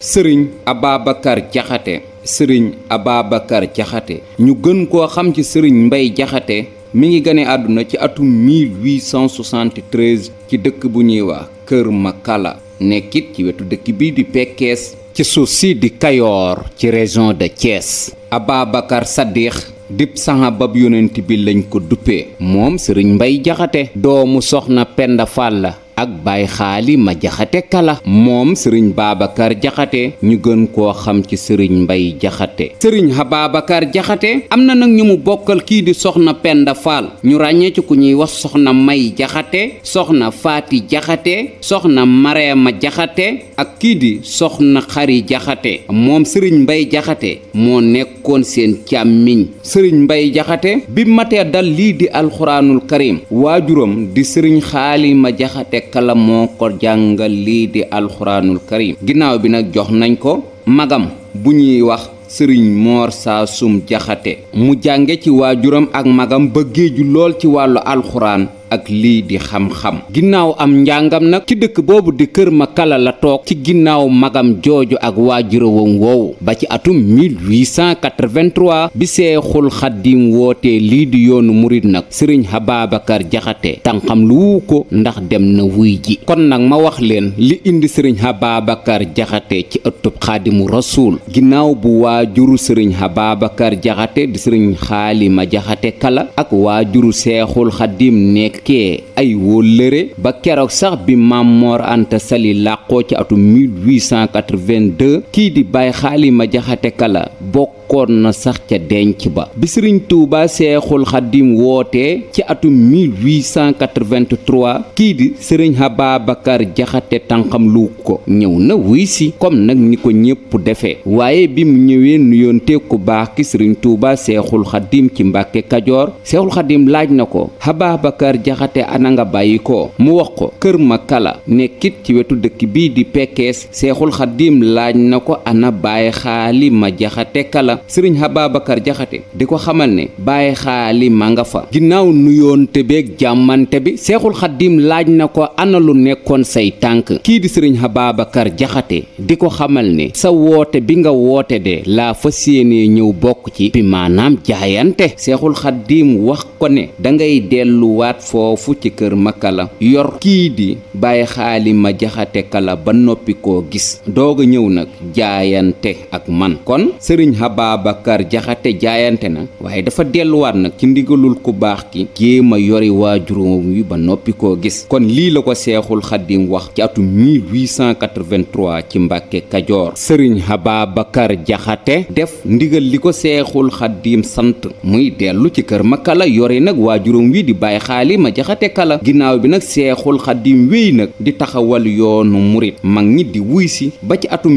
sëriñ Ababacar Diakhaté sëriñ Ababacar Diakhaté ñu gën koo xam ci sëriñ Mbay Diakhaté mi ngi gane àdduna ci atum 1873 ci dëkk bu ñuy wax Kër Makala nekkit ci wetu dëkk bii di Pekkees ci suuf si di Kayoor ci région de Thiès Ababacar Saddiq dib saxaabab yonent bi lañ ko duppee moom sëriñ Mbay Diakhaté doomu soxna Penda la ak baay xaali ma jaxate kala moom sëriñ baabakar jaxate ñu gën koo xam ci sëriñ mbay jaxate sëriñ Ababacar jaxate am na nag ñu mu bokkal kii di soxna penda faal ñu ràññee ci ku ñuy wax soxna may jaxate soxna faati jaxate soxna mareema jaxate ak kii di soxna xari jaxate moom sëriñ mbay jaxate moo nekk nekkoon seen càmmiñ sëriñ mbay jaxate bi matee dal lii di alxuraanul karim waajuram di sëriñ xaalima jaxate kala moo ko jàngal lii di alxuraanul karim ginnaaw bi nag jox nañ ko magam bu ñuy wax sëriñ moor saasum jaxate mu jànge ci waajuram ak magam ba géeju lool ci wàllu alxuraan ak lii di xam-xam ginnaaw am njàngam nag ci dëkk boobu di kër ma kala la toog ci ginnaaw magam jooju ak waa waajurawam woowu ba ci atum 1883 bi seexul xaddim wootee lii di yoonu murit nag sëriñ Ababacar Jaxate tànxam lu ko ndax dem na wuy ji kon nag ma wax leen li indi sëriñ Ababacar Jaxate ci ëttub xaadimu rasuul ginnaaw bu waajuru sëriñ Ababacar Jaxate di sëriñ xaalima Jaxate kala ak waajuru seexul xaddim nekk nekkee ay wóllëre ba keroog sax bi maam Mor Anta Sali làqoo ci atum 1882 kii di Baye Xaalima Jaxate Kala bokk fekkoon na sax ca denc ba bi sëriñ Tuuba seexul xaddim wootee ci atum 1883 kii di sëriñ Ababacar Jaxate tànqam lu ko ñëw na wuy si comme nag ni ko ñépp defee waaye bi mu ñëwee nuyoonte ku baax ki sëriñ Tuuba seexul xaddim ci Mbàkke Kajoor seexul xaddim laaj na ko Ababacar Jaxate ana nga bàyyi ko mu wax ko kër ma kala nekkit ci wetu dëkk bii di pekkees seexul xaddim laaj na ko ana bàyyi xaali ma jaxate kala ak sëriñ Ababacar Jaxate di ko xamal ne bàyyi xaali ma nga fa ginnaaw te beeg jàmmante bi seexul xaddim laaj na ko ana lu nekkoon say tànk kii di sëriñ baabakar Jaxate di ko xamal ne sa woote bi nga woote de laa fa yéenee ñëw bokk ci bi maanaam jaayante seexul xaddim wax ko ne dangay delluwaat foofu ci kër Makka la yor kii di bàyyi xaali ma jaxate kala ba noppi koo gis doog a ñëw nag jaayante ak man kon Babacar Jaxate jaayante na waaye dafa delluwaat nag ci ndigalul ku baax ki jéem a yori waajuróom wi ba noppi koo gis kon lii la ko seexul xaddim wax ci atum 1883 ci Mbàkke Kajoor sëriñ Ababacar Jaxate def ndigal li ko seexul xaddim sant muy dellu ci kër ma kala yori nag juróom wi di bàyyi xaali ma jaxate kala ginnaaw bi nag seexul xaddim wey nag di taxawal yoonu murit mag ñi di wuy ba ci atum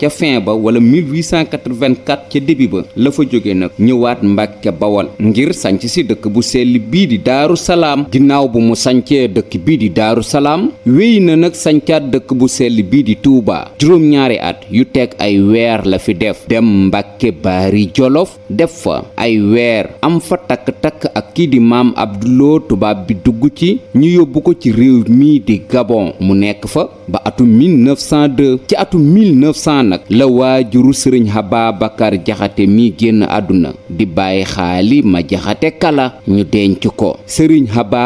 ca fin ba wala 1884 ca début ba la fa jóge nag ñëwaat Mbàkke Bawol ngir sanc si dëkk bu sell bii di Daaru Salaam ginnaaw bu mu sancee dëkk bii di Daaru Salaam wéy na nag sancaat dëkk bu sell bii di Tuubaa juróom-ñaari at yu teg ay weer la fi def dem Mbàkke Baari Jolof def fa ay weer am fa takk-takk ak kii di maam Abduloo tubaab bi dugg ci ñu yóbbu ko ci réew mi di Gabon mu nekk fa ba atu 1902 ci atum 1900 nag la waajuru sëriñ Haba Bakar Jaxate mi génn àdduna di bàyyi xaali ma jaxate kala ñu denc ko sëriñ Haba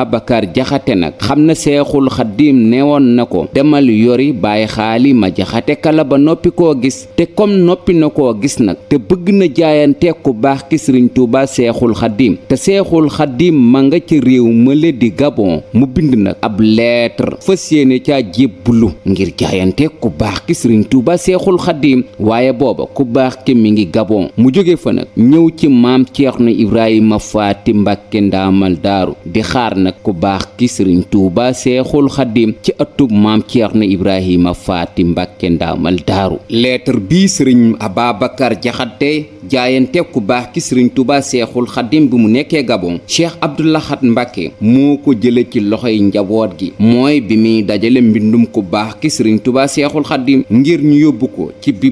Jaxate nag xam na seexul xaddiim neewoon na ko demal yori bàyyi xaali ma jaxate kala ba noppi koo gis te comme noppi na koo gis nag te bëgg na jaayanteeg ku baax ki sëriñ Tuuba seexul xaddiim te seexul xaddiim ma nga ci réew mële di Gabon mu bind nag ab lettre fas yéene ca jébbulu ngir jaayanteeg baax ki sëriñ Tuuba seexul xaddiim waaye boobu booba ku baax ki mi ngi Gabon mu jóge fa nag ñëw ci maam Ceerno Ibrahima Faati Mbàkke ndaamal daaru di xaar nag ku baax ki sëriñ Tuuba Seexul Xaddim ci atub maam Ceerno Ibrahima Faati Mbàkke ndaamal daaru lettre bii sëriñ Ababacar Jaxate jaayante ku baax ki sëriñ Tuuba Seexul Xaddim bi mu nekkee Gabon Cheikh Abdou Lahad Mbàkke moo ko jële ci loxoy njaboot gi mooy bi muy dajale mbindum ku baax ki sëriñ Tuuba Seexul Xaddim ngir ñu yóbbu ko ci bi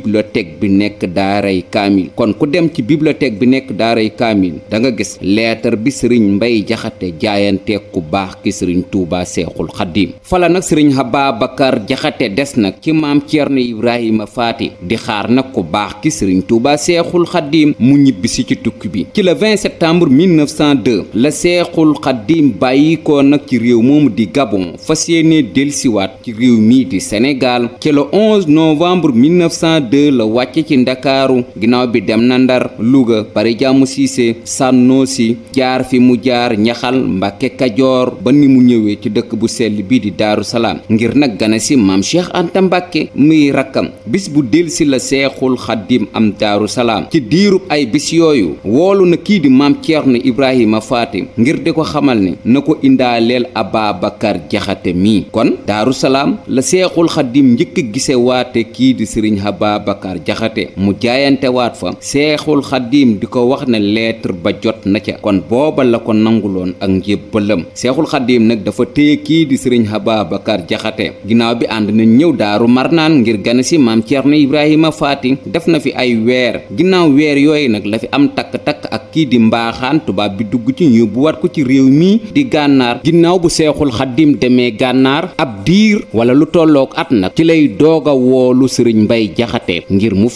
bi nekk daaray kaamil kon ku dem ci bibliothèque bi nekk daaray kaamil da nga gis leetar bi sëriñ mbay jaxate jaayante ku baax ki sëriñ tuuba seexul xaddiim fala nag sëriñ Ababacar jaxate des nag ci maam Ceerno Ibrahima Faati di xaar nag ko baax ki sëriñ tuuba seexul xaddiim mu ñibbisi ci tukki bi ci le 20 septembre 1902 la seexul xaddiim bàyyi ko nag ci réew moomu di Gabon fas yéene delsiwaat ci réew mii di Sénégal ci le 11 la wàcc ci ndakaaru ginnaaw bi dem na ndar Louga Paris Diamou Cissé sànnoosi jaar fi mu jaar ñaxal Mbàkke Kajoor ba ni mu ñëwee ci dëkk bu sell bii di Daaru Salaam ngir nag gane si maam Cheikh Anta Mbàkke muy rakkam bis bu delsi la Seexul Xaddim am Daaru Salaam ci diirub ay bis yooyu woolu na kii di maam Ceerno Ibrahima Faati ngir di ko xamal ne na ko indaaleel Ababacar Jaxate mii kon Daaru Salaam la Seexul Xaddim njëkk gise waate kii di Sëriñ Ababacar Jaxate jaxate mu jaayantewaat fa seexul xaddiim di ko wax ne lettre ba jot na ca kon booba la ko loon ak njébbalam seexul xaddiim nag dafa téye kii di sëriñ Ababacar jaxate ginnaaw bi ànd na ñëw daaru marnaan ngir gane si maam Thierno Ibrahima Faati def na fi ay weer ginnaaw weer yooyu nag la fi am takk-takk ak kii di mbaaxaan tubaab bi dugg ci ñu bu wat ko ci réew mii di gànnaar ginnaaw bu seexul xaddiim demee gànnaar ab diir wala lu tolloog at nag ci lay doog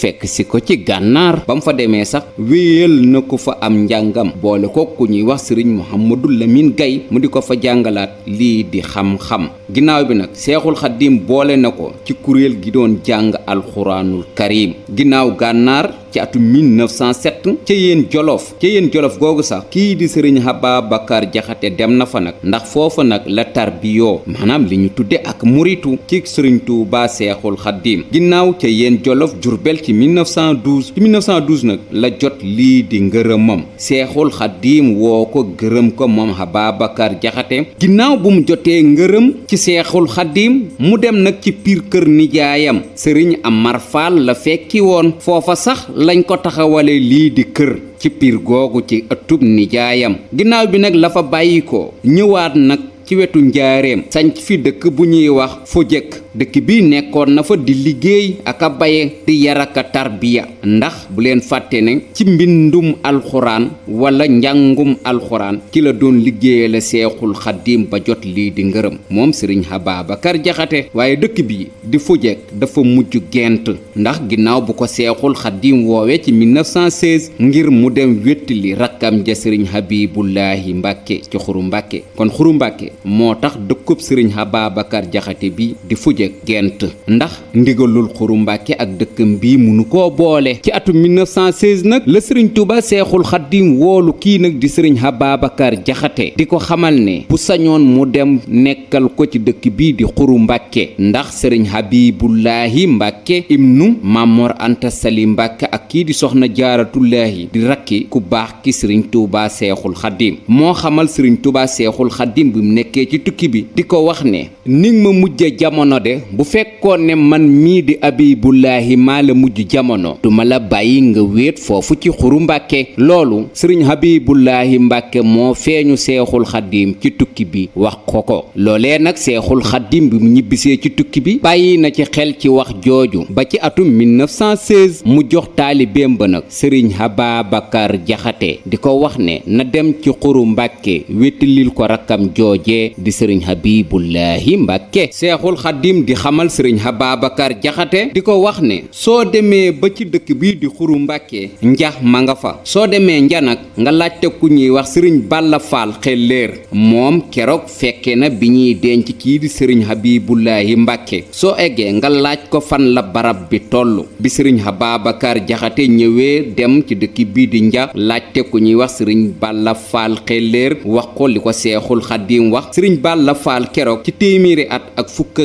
fekk si ko ci gànnaar ba mu fa demee sax wéyal na ko fa am njàngam boole ko ku ñuy wax sëriñ Mouhamadou Lamine Gaye mu di ko fa jàngalaat lii di xam-xam ginnaaw bi nag seexul xaddim boole na ko ci kuréel gi doon jàng alxuraanul karim ginnaaw gànnaar ci atum 1907 ca yéen jolof ca yéen jolof googu sax kii di sëriñ Ababacar Jaxate dem na fa nag ndax foofa nag la tarbiyoo maanaam li ñu tudde ak muritu ci sëriñ Tuubaa Seexul Xaddiim ginnaaw ca yéen jolof Jurbel ci 1912 ci 1912 nag la jot lii di ngërëmam Seexul Xaddiim woo ko gërëm ko moom Ababacar Jaxate ginnaaw bu mu jotee ngërëm ci Seexul Xaddiim mu dem nag ci piir kër nijaayam sëriñ Amar Fall la fekki woon foofa sax lañ ko taxawalee lii di kër ci piir googu ci ëttub nijaayam ginnaaw bi nag la fa bàyyi ko ñëwaat nag ci wetu njaareem sañc fi dëkk bu ñuy wax fu jëkk dëkk bi nekkoon na fa di liggéey ak a baye di yar ak a tarbiya ndax bu leen fàtte ne ci mbindum alxuraan wala njàngum alxuraan ki la doon liggéeye la seexul xaddiim ba jot lii di ngërëm moom sëriñ Ababacar Jaxate waaye dëkk bi di fujeek dafa mujj gent ndax ginnaaw bu ko seexul xaddiim woowe ci 1916 ngir mu dem wéttali rakkam ja sëriñ Habibullahi Mbàkke ci xuru Mbàkke kon xuru Mbàkke moo tax dëkkub sëriñ Ababacar Jaxate bi di fuj mujje gent ndax ndigalul xuru mbàkke ak dëkkam bii nu koo boole ci atum 1916 nag la sëriñ tuba seexul xaddim woolu kii nag di sëriñ Ababacar Jaxate di ko xamal ne bu sañoon mu dem nekkal ko ci dëkk bi di xuru mbàkke ndax sëriñ Habibullahi mbàkke ibnu Mamor Anta Sali mbàkke ak kii di soxna jaaratullaahi di rakki ku baax ki sëriñ tuba seexul xaddim moo xamal sëriñ tuba seexul xaddim bi mu nekkee ci tukki bi di ko wax ne ning ma mujje jamono de de bu fekkoon ne man mii di abibullaahi maa la mujj jamono duma la bàyyi nga wéet foofu ci xuru mbàkke loolu sëriñ habibullaahi mbàkke moo feeñu seexul xaddim ci tukki bi wax ko ko loolee nag seexul xaddim bi mu ñibbisee ci tukki bi bàyyi na ci xel ci wax jooju ba ci atum 1916 mu jox taalibeem ba nag sëriñ Hababakar Jaxate di ko wax ne na dem ci xuru mbàkke wéttilil ko rakkam jooje di sëriñ habibullaahi mbàkke seexul xaddiim Xaadim di xamal sëriñ Ababacar Jaxate di ko wax ne soo demee ba ci dëkk bii di xuru Mbàkke njax ma nga fa soo demee nja nga laajte ku ñuy wax sëriñ Balla Faal xel moom keroog fekke na bi ñuy denc kii di sëriñ Habibullahi Mbàkke soo eggee nga laaj ko fan la barab bi toll bi sëriñ Ababacar Jaxate ñëwee dem ci dëkk bii di njax laajte ku ñuy wax sëriñ Balla Faal xel léer wax ko li ko Seexul Xaadim wax sëriñ Balla Faal keroog ci téeméeri at ak fukk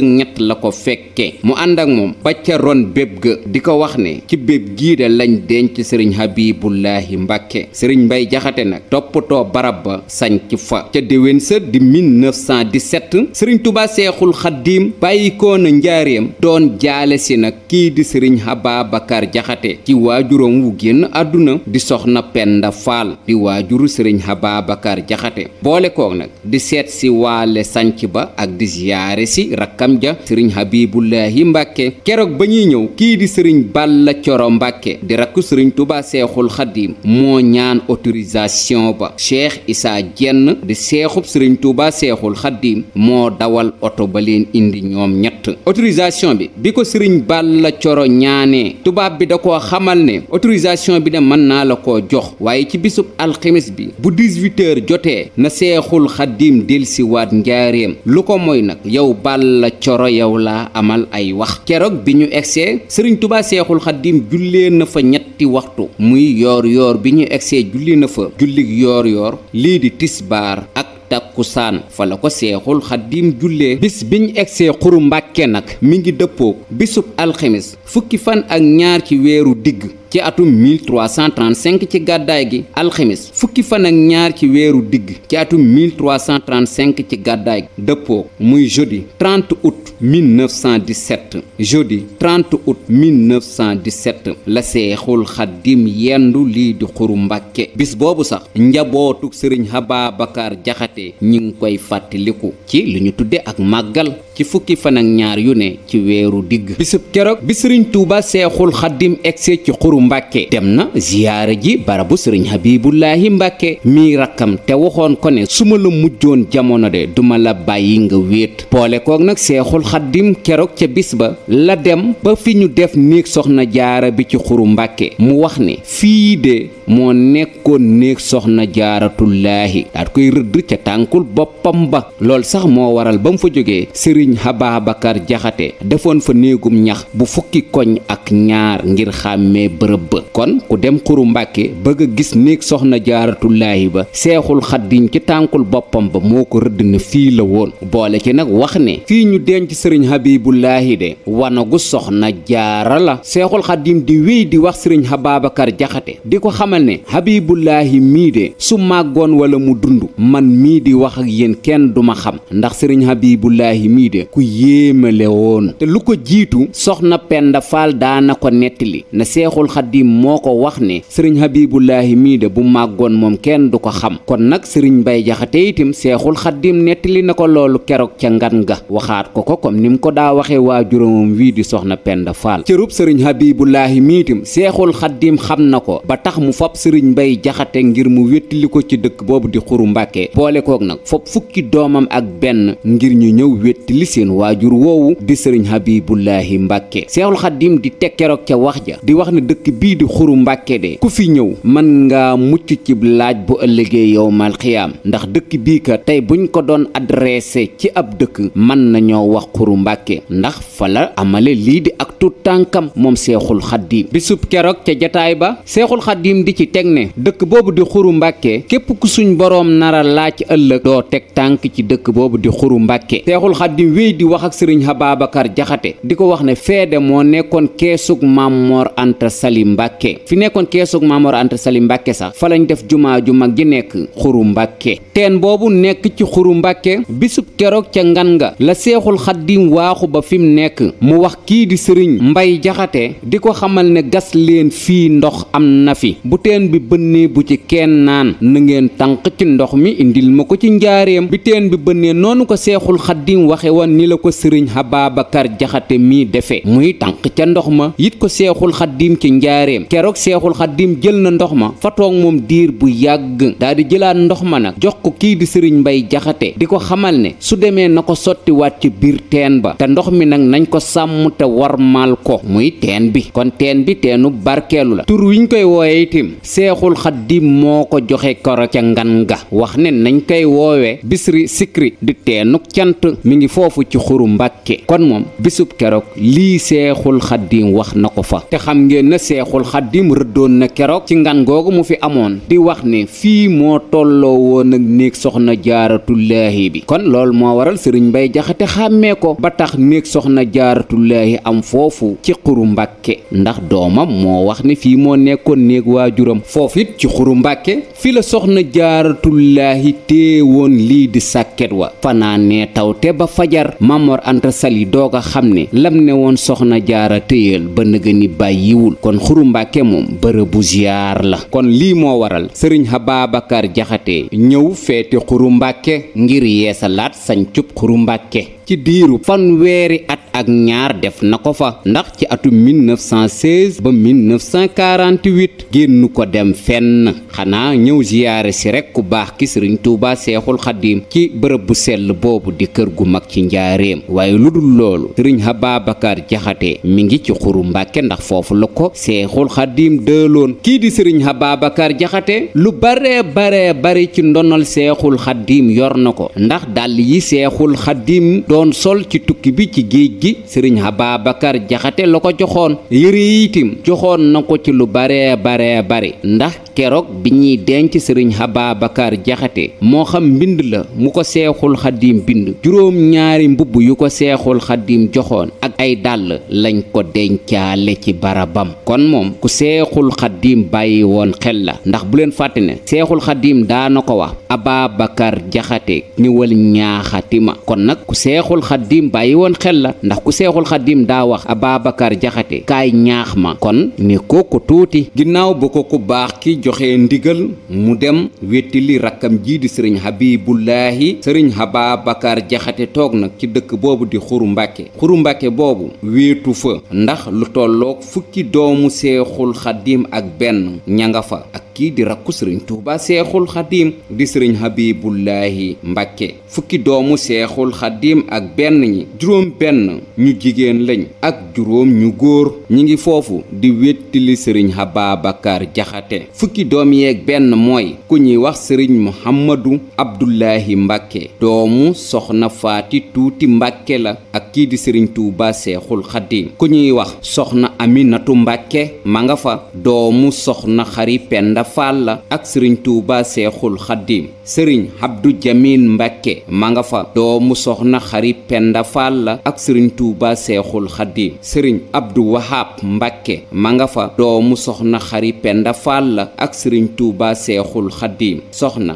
la ko fekke mu ànd ak moom ba ca ron béb ga di ko wax ne ci béb gii de lañ denc sëriñ Habibullahi Mbàkke sëriñ Mbay Jaxate nag toppatoo barab ba sanc fa ca déwén sa di 1917 sëriñ Tuubaa Seexul Xaddiim bàyyikoo na njaareem doon jaale si nag kii di sëriñ Ababakar Jaxate ci waajuram wu génn àdduna di soxna Penda Faal di waajuru sëriñ Ababakar Jaxate boole koog nag di seet si waale sanc ba ak di ziyaare si rakkam ja sëriñ Habibullahi Mbàkke keroog ba ñuy ñëw kii di sëriñ Balla Coro Mbàkke di rakku sëriñ Tuubaa Seexul Xadiim moo ñaan autorisation ba Cheikh Isaa Jenn di seexub sëriñ Tuubaa Seexul Xadiim moo dawal oto ba leen indi ñoom ñett autorisation bi bi ko sëriñ Balla Coro ñaanee tubaab bi da ko xamal ne autorisation bi ne mën naa la ko jox waaye ci bisub alxemes bi bu 18h jotee na Seexul Xadiim delsiwaat njaareem lu ko mooy nag yow Balla Coro yow yow la amal ay wax keroog bi ñu egsee sëriñ tubaa seexul xaddim jullee na fa ñetti waxtu muy yoor yoor bi ñu egsee julli na fa jullig yoor yoor lii di tisbaar ak takkusaan fa la ko seexul xaddiim jullee bis biñ egsee xuru mbàkke nag mu ngi dëppoo bisub alxemes fukki fan ak ñaar ci weeru digg ci atum 1335 ci gàddaay gi alxemes fukki fan ak ñaar ci weeru digg ci atum 1335 ci gàddaay gi dëppoo muy jeudi 30 août 1917 jeudi 30 août 1917 la seexul xaddim yendu lii di xuru mbàkke bis boobu sax njabootu sëriñ Habaabakar Jaxate ñi ngi koy fàttaliku ci li ñu tudde ak màggal ci fukki fan ak ñaar yu ne ci weeru digg bisub keroog bi sëriñ Tuuba seexul xaddim egse ci xuru Mbàkke dem na ziyaara ji barabu sëriñ Habibullahi Mbàkke mii rakkam te waxoon ko ne su ma la mujjoon jamono de duma la bàyyi nga wéet poole koog nag seexul xaddim keroog ca bis ba la dem ba fi ñu def néeg soxna jaara bi ci xuru Mbàkke mu wax ne fii de moo nekkoon néeg soxna jaaratullaahi daat koy rëdd ca tànkul boppam ba lool sax moo waral ba mu fa jógee sëriñ Habaabakar Jaxate defoon fa néegum ñax bu fukki koñ ak ñaar ngir xàmmee bërëb rëbb kon ku dem xuru mbàkke bëgg a gis néeg soxna jaaratullaahi ba seexul xaddiñ ci tànkul boppam ba moo ko rëdd na fii la woon boole ci nag wax ne fii ñu denc sëriñ habibullaahi de wanagu soxna jaara la seexul xaddiim di wéy di wax sëriñ Ababacar jaxate di ko xamal ne habibullaahi mii de su màggoon wala mu dund man mii di wax ak yéen kenn duma xam ndax sëriñ habibullaahi mii de ku yéemale woon te lu ko jiitu soxna penda daana ko nettali na xaddim moo ko wax ne sëriñ Habibullahi mii de bu màggoon moom kenn du ko xam kon nag sëriñ Mbay Jaxate itam seexul xaddim nettali na ko loolu keroog ca ngan ga waxaat ko ko comme ni mu ko daa waxee waa juróomam wii di soxna Penda Faal cërub sëriñ Habibullahi mii itam seexul xaddim xam na ko ba tax mu fab sëriñ Mbay Jaxate ngir mu wéttali ko ci dëkk boobu di xuru Mbàkke boole kook nag fab fukki doomam ak benn ngir ñu ñëw wéttali seen waajur woowu di sëriñ Habibullahi Mbàkke seexul xaddim di teg keroog ca wax ja di wax ne dëkk dëkk bii di xuru mbàkke de ku fi ñëw mën nga mucc cib laaj bu ëllëgee yow mal ndax dëkk bii ka tey buñ ko doon adressé ci ab dëkk mën nañoo wax xuru mbàkke ndax fa amale lii di ak tuut tànkam moom seexul xaddiim bisub keroog ca jataay ba seexul xaddiim di ci teg ne dëkk boobu di xuru mbàkke képp ku suñ boroom nara laaj ëllëg doo teg tànk ci dëkk boobu di xuru mbàkke seexul xaddiim wéy di wax ak sëriñ Ababacar Jaxate di ko wax ne feede moo nekkoon keesug Maam Sali Mbàkke fi nekkoon keesug Maamoor Anta Sali Mbàkke sax fa lañ def jumaa ju mag ji nekk xuru Mbàkke teen boobu nekk ci xuru Mbàkke bisub keroog ca ngan nga la seexul xaddim waaxu ba fi mu nekk mu wax kii di sëriñ mbay jaxate di ko xamal ne gas leen fii ndox am na fi bu teen bi bënnee bu ci kenn naan na ngeen tànq ci ndox mi indil ma ko ci njaareem bi teen bi bënnee noonu ko seexul xaddim waxe woon ni la ko sëriñ Habaabakar jaxate mii defe muy tànq ca ndox njaareem keroog seexul xaddim jël na ndox ma fa toog moom diir bu yàgg daa di jëlaat ndox ma nag jox ko kii di sëriñ mbay jaxate di ko xamal ne su demee na ko sottiwaat ci biir teen ba te ndox mi nag nañ ko sàmm te war warmaal ko muy teen bi kon teen bi teenu barkeelu la tur wiñ koy wooye itim seexul xaddim moo ko joxe koro ca ngan ga wax ne nañ koy woowe bisri sikri di teenuk cant mu ngi foofu ci xuru mbàkke kon moom bisub keroog lii seexul xaddim wax seexul xaddim rëddoon na keroog ci ngan googu mu fi amoon di wax ni fii moo tolloo woon ak néeg soxna jaaratullaahi bi kon loolu moo waral sëriñ mbay jaxate xàmmee ko ba tax néeg soxna jaaratullaahi am foofu ci xuru mbàkke ndax doomam moo wax ni fii moo nekkoon néeg waa waajuram foofu it ci xuru mbàkke fi la soxna jaaratullaahi téewoon lii di sàkket wa taw te ba fajar mamor anta sali doog a xam ni lam ne woon soxna jaara téyeel ba nëga xuru mbàkke moom bërëbu ziyaar la kon lii moo waral sëriñ Ababacar Jaxate ñëw feeti xuru mbàkke ngir yeesalaat sañ cub xuru mbàkke ci diiru fanweeri at ak ñaar def na ko fa ndax ci atum 1916 ba 1948 génn ko dem fenn xanaa ñëw ziyaare si rek ku baax ki sëriñ Tuuba Seexul Xadiim ci bërëb bu sell boobu di kër gu mag ci njaareem waaye lu dul loolu sëriñ Hababacar Jaxate mi ngi ci xuru Mbàkke ndax foofu la ko Seexul Xadiim dëloon kii di sëriñ Hababacar Jaxate lu bare bare bari ci ndonal Seexul Xadiim yor na ko ndax dàll yi Seexul Xadiim doon sol ci tukki bi ci géej gi sëriñ Ababacar Jaxate la ko joxoon yëre itim joxoon na ko ci lu bare bare bari ndax keroog bi ñuy denc sëriñ Ababacar Jaxate moo xam mbind la mu ko seexul xaddiim bind juróom ñaari mbubb yu ko seexul xaddiim joxoon ak ay dàll lañ ko dencaale ci barabam kon moom ku seexul xaddiim bàyyi woon xel la ndax bu leen fàtte ne seexul xaddiim daana ko wax Ababacar Jaxate ñëwal ñaaxati ma kon nag ku seexul xaddiim bàyyi woon xel la ndax ku seexul xaddiim daa wax Ababacar Jaxate kaay ñaax ma kon ne kooku tuuti ginnaaw bu ko ku baax ki joxe ndigal mu dem wetti li rakkam jii di sëriñ Habibullahi sëriñ Hababakar Jaxate toog nag ci dëkk boobu di xuru mbàkke xuru mbàkke boobu wéetu fa ndax lu tollook fukki doomu seexul xaddim ak benn ña nga fa ak kii di rakku sëriñ Tuuba seexul xadim di sëriñ Habibullahi mbàkke fukki doomu seexul xadim ak benn ñi juróom benn ñu jigéen lañ ak juróom ñu góor ñi ngi foofu di wéttili sëriñ Hababakar Jaxate doom yeeg benn mooy ku ñuy wax sëriñ muhammadu abdullahi mbàkke doomu soxna faati tuuti mbàkke la ak kii di sëriñ tuuba seexul xaddiim ku ñuy wax soxna aminatu mbàkke ma nga fa doomu soxna xari penda faal la ak sëriñ tuuba seexul xaddiim sëriñ abdu jamin mbàkke ma nga fa doomu soxna xari penda faal la ak sëriñ tuuba seexul xaddiim sëriñ abdu wahab mbàkke ma nga fa doomu soxna xari penda faal la ak sëriñ tuuba seexul xaddiim soxna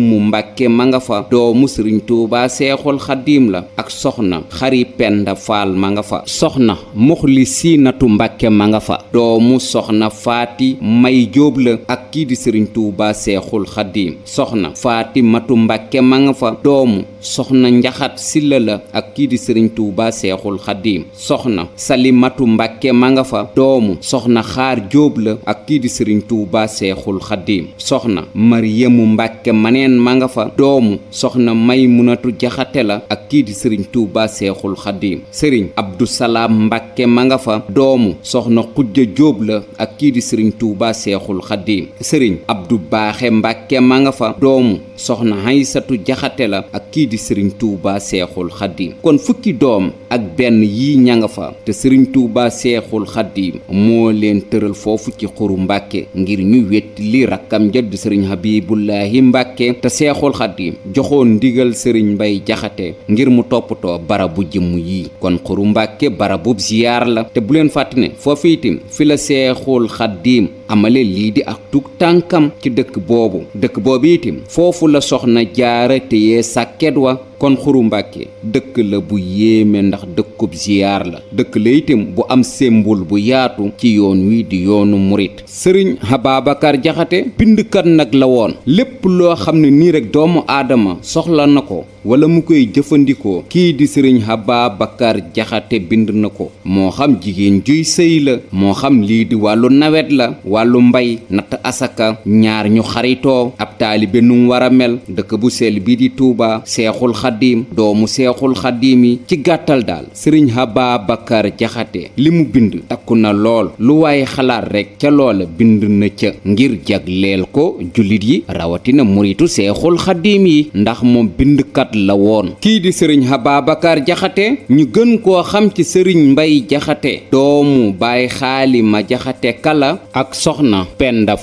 mu mbàkke ma nga fa doomu sëriñ tuuba seexul xaddiim la ak soxna xari penda ma nga fa soxna muxlisinatu mbàkke ma nga fa doomu soxna faati may jóob la ak kii di sëriñ tuuba seexul xaddiim soxna faati matu mbàkke ma nga fa doomu soxna njaxat silla la ak kii di sëriñ tuuba seexul xaddiim soxna salimatu mbàkke ma nga fa doomu soxna xaar jóob la ak kii di sëriñ tuuba seexul xaddiim soxna maryamu mbàkke maneen ma nga fa doomu soxna may munatu jaxate la ak kii di sëriñ tuuba seexul xaddiim sëriñ abdu salaam mbàkke ma nga fa doomu soxna xujja jóob la ak kii di sëriñ tuuba seexul xaddiim sëriñ abdu baaxe mbàkke ma nga fa doomu soxna haysatu jaxate la ak kii di sëriñ Touba Seexul Xaddiim kon fukki doom ak benn yi ña nga fa te sëriñ Touba Seexul Xaddiim moo leen tëral foofu ci xuru Mbàkke ngir ñu wetti li rakkam jadd sëriñ Habibullahi Mbàkke te Seexul Xaddiim joxoon ndigal sëriñ Mbay Jaxate ngir mu toppatoo barabu jëmm yi kon xuru Mbàkke barabub ziyaar la te bu leen fàtte foofu itam fi la Seexul Xaddiim amale lii di ak tug tànkam ci dëkk boobu dëkk boobu itim foofu la soxna jaara téye sàkket wa kon xuru mbàkke dëkk la bu yéeme ndax dëkkub ziyaar la dëkk la itam bu am sémbul bu yaatu ci yoon wi di yoonu murit sëriñ Ababacar Jaxate bindkat nag la woon lépp loo xam ne nii rek doomu aadama soxla na ko wala mu koy jëfandikoo kii di sëriñ Ababacar Jaxate bind na ko moo xam jigéen juy sëy la moo xam lii di wàllu nawet la wàllu mbay natt asaka ñaar ñu xaritoo ab taalibe nu war a mel dëkk bu sel bii di Tuuba seexul xaddiim doomu seexul xaddiim yi ci gàttal daal sëriñ Ababacar Jaxate li mu bind takku na lool lu waaye xalaat rekk ca loola bind na ca ngir jagleel ko jullit yi rawatina muritu seexul xaddiim yi ndax moom bindkat la woon kii di sëriñ Ababacar Jaxate ñu gën koo xam ci sëriñ Mbay Jaxate doomu Baay Xaalima Jaxate kala ak soxna Penda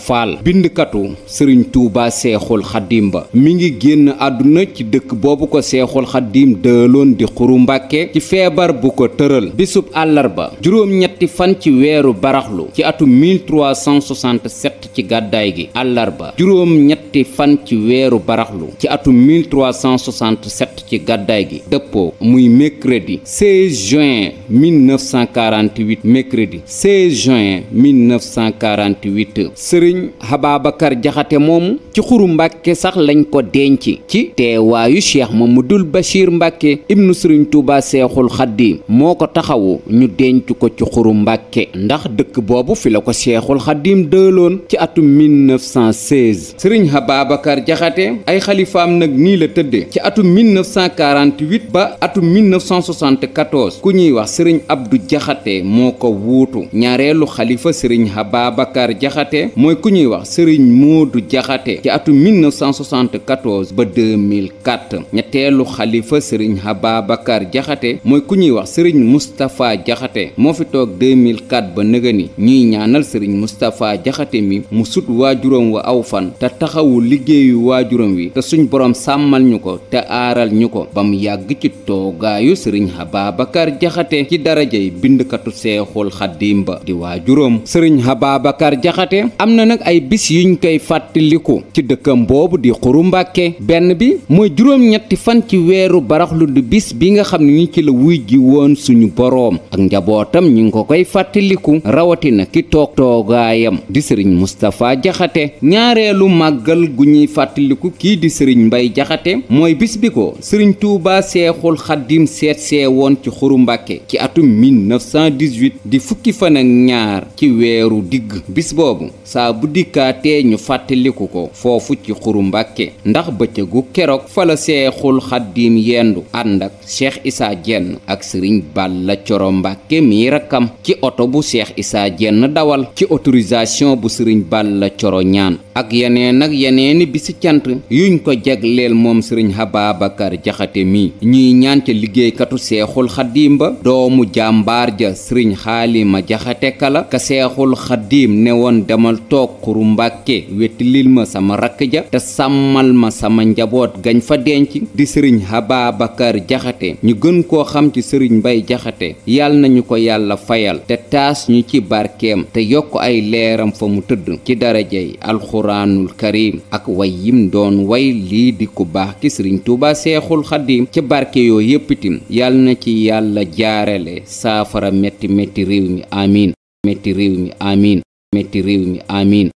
bindkatu sëriñ Tuubaa seexul xaddiim ba mi ngi génn àdduna ci dëkk boobu ko seexul xaddiim dëëloon di xuru mbàkke ci feebar bu ko tëral bisub àllarba juróom-ñetti fan ci weeru baraxlu ci atu 1367 ci gàddaay gi àllarba juróom-ñetti fan ci weeru baraxlu ci atu 1367 ci gàddaay gi dëppoo muy mercredi 16 juin 1948 mercredi 16 juin 1948 sëriñ Hababacar Jaxate moomu ci xuru mbàkke sax lañ ko denc ci teewaayu cheikh Mamadou dul Bachir Mbacke ibnu Serigne Touba Seexul Xaddim moo ko taxawu ñu denc ko ci xuru Mbacke ndax dëkk boobu fi la ko Seexul Xaddim dëloon ci atum 1916 Serigne Hababakar Jaxate ay xalifaam nag nii la tëddee ci atum 1948 ba atum 1974 ku ñuy wax ab du Jaxate moo ko wuutu ñaareelu xalifa Serigne Hababakar Jaxate mooy ku ñuy wax Serigne Moodu Jaxate ci atum 1974 ba 2004 ñetteel ñetteelu xalifa sëriñ Ababacar Jaxate mooy ku ñuy wax sëriñ Moustapha Jaxate moo fi toog 2004 ba nëgëni ñuy ñaanal sëriñ Moustapha Jaxate mi mu sut waajuram wa aw fan te taxawu liggéeyu waajuram wi te suñ borom sàmmal ñu ko te aaral ñu ko ba mu yàgg ci toogaayu sëriñ Ababacar Jaxate ci darajay bindkatu seexul xaddiim ba di waajuram sëriñ Ababacar Jaxate am na nag ay bis yu yuñ koy fàttaliku ci dëkkam boobu di Xuru Mbàkke benn bi mooy juróom-ñetti fan ci weeru baraxlu di bis bi nga xam ni ci la wuy ji woon suñu boroom ak njabootam ñu ngi ko koy fàttaliku rawatina ki toog toogaayam di sëriñ Moustapha Jaxate ñaareelu màggal gu ñuy fàttaliku kii di sëriñ Mbay Jaxate mooy bis bi ko sëriñ Tuubaa Seexul Xaddim seet see woon ci xuru Mbàkke ci atum 1918 di fukki fan ñaar ci weeru digg bis boobu saa bu dikkaatee ñu fàttaliku ko foofu ci xuru Mbàkke ndax bëccëgu keroog fa la Seexul xaddiim yendu ànd ak cheikh isaa jenn ak sëriñ la Coro Mbàkke mi rakkam ci oto bu cheikh isaa jenn dawal ci autorisation bu sëriñ la Coro ñaan ak yeneen ak yeneeni bisi cant yuñ ko jagleel moom sëriñ Ababacar Jaxate mi ñuy ñaan ca liggéeykatu seexul xaddiim ba doomu jàmbaar ja sëriñ xaalima jaxate kala ka seexul xaddiim ne woon demal toog xuru mbàkke wettilil ma sama rakk ja te sàmmal ma sama njaboot gañ fa denc di sëriñ Habaabakar Jaxate ñu gën koo xam ci sëriñ bay Jaxate yàlla nañu ko yàlla fayal te taas ñu ci barkeem te yokk ay leeram fa mu tëdd ci darajey alxuraanul karim ak way yim doon way lii di ko baax ki sëriñ Tuuba Seexul Xadiim ci barke yoo yépp itam yàlla na ci yàlla jaarale saafara metti metti réew mi amiin metti réew mi amiin metti réew mi amiin